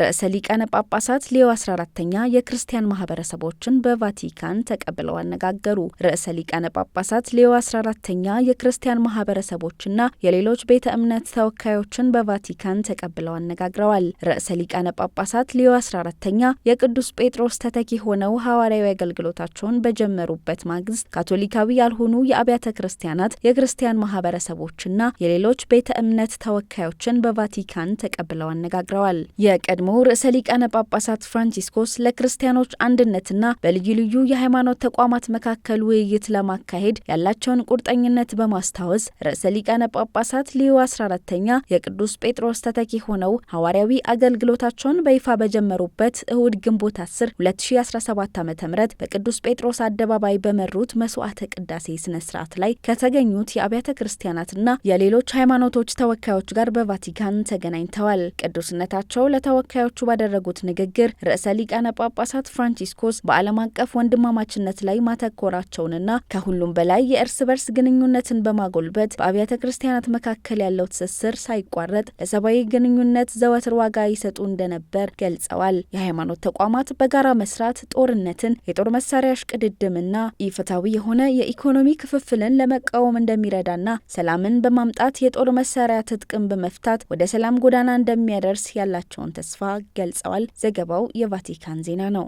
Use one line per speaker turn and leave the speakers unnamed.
ርዕሰ ሊቃነ ጳጳሳት ሌዮ 14ተኛ የክርስቲያን ማህበረሰቦችን በቫቲካን ተቀብለው አነጋገሩ። ርዕሰ ሊቃነ ጳጳሳት ሌዮ 14ተኛ የክርስቲያን ማህበረሰቦችና የሌሎች ቤተ እምነት ተወካዮችን በቫቲካን ተቀብለው አነጋግረዋል። ርዕሰ ሊቃነ ጳጳሳት ሌዮ 14ተኛ የቅዱስ ጴጥሮስ ተተኪ ሆነው ሐዋርያዊ አገልግሎታቸውን በጀመሩበት ማግስት ካቶሊካዊ ያልሆኑ የአብያተ ክርስቲያናት የክርስቲያን ማህበረሰቦችና የሌሎች ቤተ እምነት ተወካዮችን በቫቲካን ተቀብለው አነጋግረዋል። የቀድሞው ርዕሰ ሊቃነ ጳጳሳት ፍራንቺስኮስ ለክርስቲያኖች አንድነትና በልዩ ልዩ የሃይማኖት ተቋማት መካከል ውይይት ለማካሄድ ያላቸውን ቁርጠኝነት በማስታወስ ርዕሰ ሊቃነ ጳጳሳት ሊዮ 14ተኛ የቅዱስ ጴጥሮስ ተተኪ ሆነው ሐዋርያዊ አገልግሎታቸውን በይፋ በጀመሩበት እሁድ ግንቦት 10 2017 ዓ ም በቅዱስ ጴጥሮስ አደባባይ በመሩት መስዋዕተ ቅዳሴ ስነ ስርዓት ላይ ከተገኙት የአብያተ ክርስቲያናትና የሌሎች ሃይማኖቶች ተወካዮች ጋር በቫቲካን ተገናኝተዋል። ቅዱስነታቸው ለተወ ተወካዮቹ ባደረጉት ንግግር ርዕሰ ሊቃነ ጳጳሳት ፍራንቺስኮስ በዓለም አቀፍ ወንድማማችነት ላይ ማተኮራቸውንና ከሁሉም በላይ የእርስ በርስ ግንኙነትን በማጎልበት በአብያተ ክርስቲያናት መካከል ያለው ትስስር ሳይቋረጥ ለሰብአዊ ግንኙነት ዘወትር ዋጋ ይሰጡ እንደነበር ገልጸዋል። የሃይማኖት ተቋማት በጋራ መስራት ጦርነትን፣ የጦር መሳሪያ ቅድድምና ኢፍትሐዊ የሆነ የኢኮኖሚ ክፍፍልን ለመቃወም እንደሚረዳና ሰላምን በማምጣት የጦር መሳሪያ ትጥቅም በመፍታት ወደ ሰላም ጎዳና እንደሚያደርስ ያላቸውን ተስፋ ገልጸዋል። ዘገባው የቫቲካን ዜና ነው።